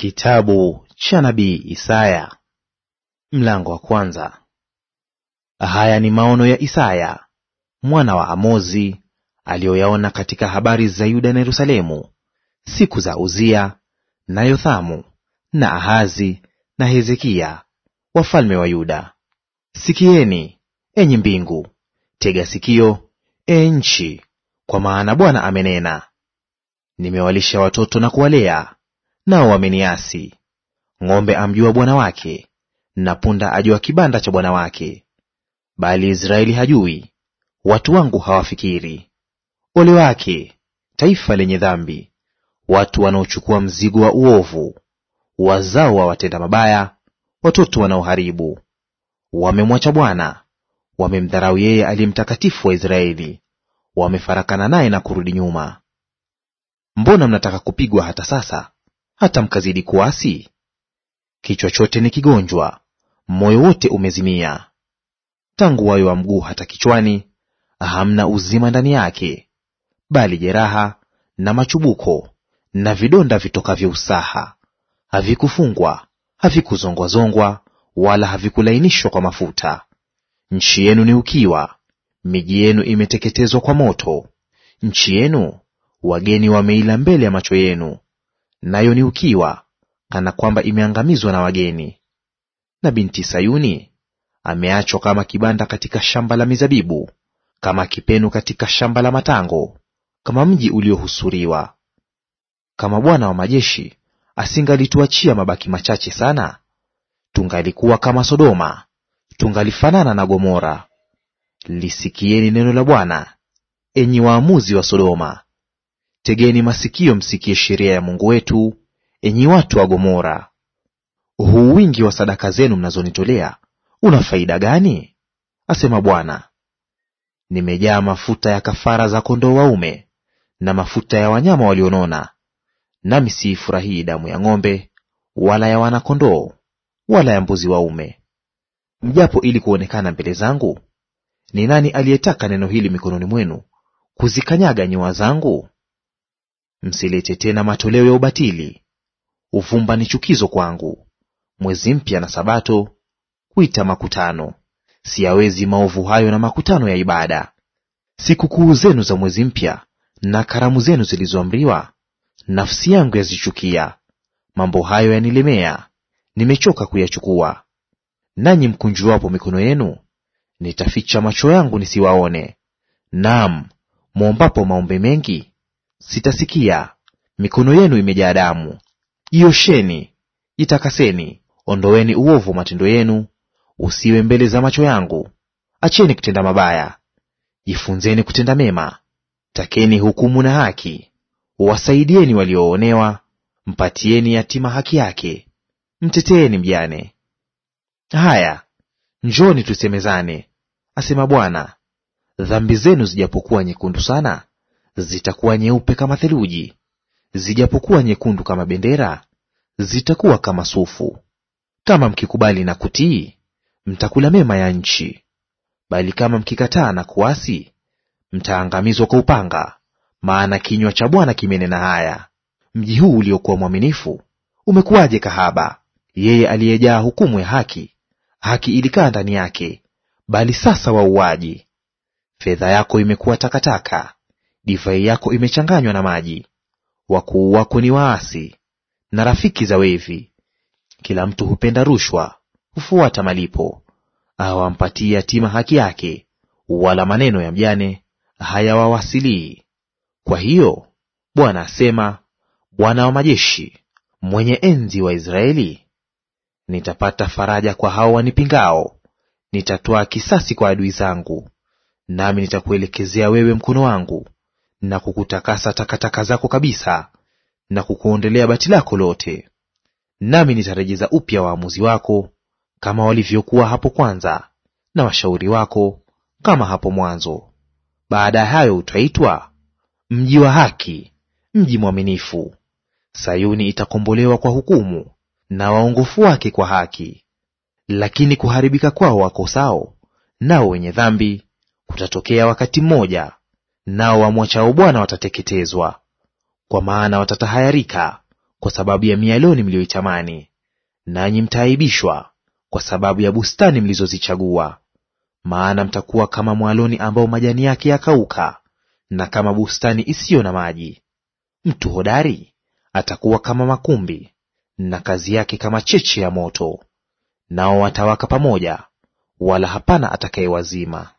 Kitabu cha nabii Isaya mlango wa kwanza. Haya ni maono ya Isaya mwana wa Amozi aliyoyaona katika habari za Yuda na Yerusalemu siku za Uzia na Yothamu na Ahazi na Hezekia wafalme wa Yuda. Sikieni enyi mbingu, tega sikio e nchi, kwa maana Bwana amenena, nimewalisha watoto na kuwalea nao wameniasi. Ng'ombe amjua bwana wake, na punda ajua kibanda cha bwana wake, bali Israeli hajui, watu wangu hawafikiri. Ole wake taifa lenye dhambi, watu wanaochukua mzigo wa uovu, wazao wa watenda mabaya, watoto wanaoharibu. Wamemwacha Bwana, wamemdharau yeye aliye mtakatifu wa Israeli, wamefarakana naye na kurudi nyuma. Mbona mnataka kupigwa hata sasa, hata mkazidi kuasi? Kichwa chote ni kigonjwa, moyo wote umezimia. Tangu wayo wa mguu hata kichwani hamna uzima ndani yake, bali jeraha na machubuko na vidonda vitokavyo usaha. Havikufungwa, havikuzongwazongwa, wala havikulainishwa kwa mafuta. Nchi yenu ni ukiwa, miji yenu imeteketezwa kwa moto. Nchi yenu wageni wameila mbele ya macho yenu, nayo ni ukiwa, kana kwamba imeangamizwa na wageni. Na binti Sayuni ameachwa kama kibanda katika shamba la mizabibu, kama kipenu katika shamba la matango, kama mji uliohusuriwa. Kama Bwana wa majeshi asingalituachia mabaki machache sana, tungalikuwa kama Sodoma, tungalifanana na Gomora. Lisikieni neno la Bwana, enyi waamuzi wa Sodoma, Tegeni masikio msikie sheria ya Mungu wetu, enyi watu wa Gomora. Huu wingi wa sadaka zenu mnazonitolea una faida gani? asema Bwana. Nimejaa mafuta ya kafara za kondoo waume na mafuta ya wanyama walionona, nami siifurahii damu ya ng'ombe wala ya wanakondoo wala ya mbuzi waume. Mjapo ili kuonekana mbele zangu, ni nani aliyetaka neno hili mikononi mwenu, kuzikanyaga nyua zangu? Msilete tena matoleo ya ubatili. Uvumba ni chukizo kwangu. Mwezi mpya na Sabato kuita makutano. Siyawezi maovu hayo na makutano ya ibada. Sikukuu zenu za mwezi mpya na karamu zenu zilizoamriwa, nafsi yangu yazichukia. Mambo hayo yanilemea, nimechoka kuyachukua. Nanyi mkunjuwapo mikono yenu, nitaficha macho yangu nisiwaone. Naam, mwombapo maombi mengi sitasikia. Mikono yenu imejaa damu. Jiosheni, jitakaseni, ondoweni uovu wa matendo yenu usiwe mbele za macho yangu. Acheni kutenda mabaya, jifunzeni kutenda mema. Takeni hukumu na haki, wasaidieni walioonewa, mpatieni yatima haki yake, mteteeni mjane. Haya, njoni tusemezane, asema Bwana. Dhambi zenu zijapokuwa nyekundu sana, zitakuwa nyeupe kama theluji, zijapokuwa nyekundu kama bendera, zitakuwa kama sufu. Kama mkikubali na kutii, mtakula mema ya nchi; bali kama mkikataa na kuasi, mtaangamizwa kwa upanga, maana kinywa cha Bwana kimenena haya. Mji huu uliokuwa mwaminifu umekuwaje kahaba! Yeye aliyejaa hukumu ya haki, haki ilikaa ndani yake, bali sasa wauaji. Fedha yako imekuwa takataka, divai yako imechanganywa na maji. Wakuu wako ni waasi na rafiki za wevi. Kila mtu hupenda rushwa, hufuata malipo. Hawampatii yatima haki yake, wala maneno ya mjane hayawawasilii. Kwa hiyo Bwana asema, Bwana wa majeshi, mwenye enzi wa Israeli, nitapata faraja kwa hao wanipingao, nitatwaa kisasi kwa adui zangu, nami nitakuelekezea wewe mkono wangu na kukutakasa takataka zako kabisa, na kukuondolea bati lako lote. Nami nitarejeza upya waamuzi wako kama walivyokuwa hapo kwanza, na washauri wako kama hapo mwanzo. Baada ya hayo utaitwa mji wa haki, mji mwaminifu. Sayuni itakombolewa kwa hukumu, na waongofu wake kwa haki. Lakini kuharibika kwao wakosao nao wenye dhambi kutatokea wakati mmoja, nao wamwachao Bwana watateketezwa, kwa maana watatahayarika kwa sababu ya mialoni mliyoitamani, nanyi mtaaibishwa kwa sababu ya bustani mlizozichagua. Maana mtakuwa kama mwaloni ambao majani yake yakauka, na kama bustani isiyo na maji. Mtu hodari atakuwa kama makumbi, na kazi yake kama cheche ya moto; nao watawaka pamoja, wala hapana atakayewazima.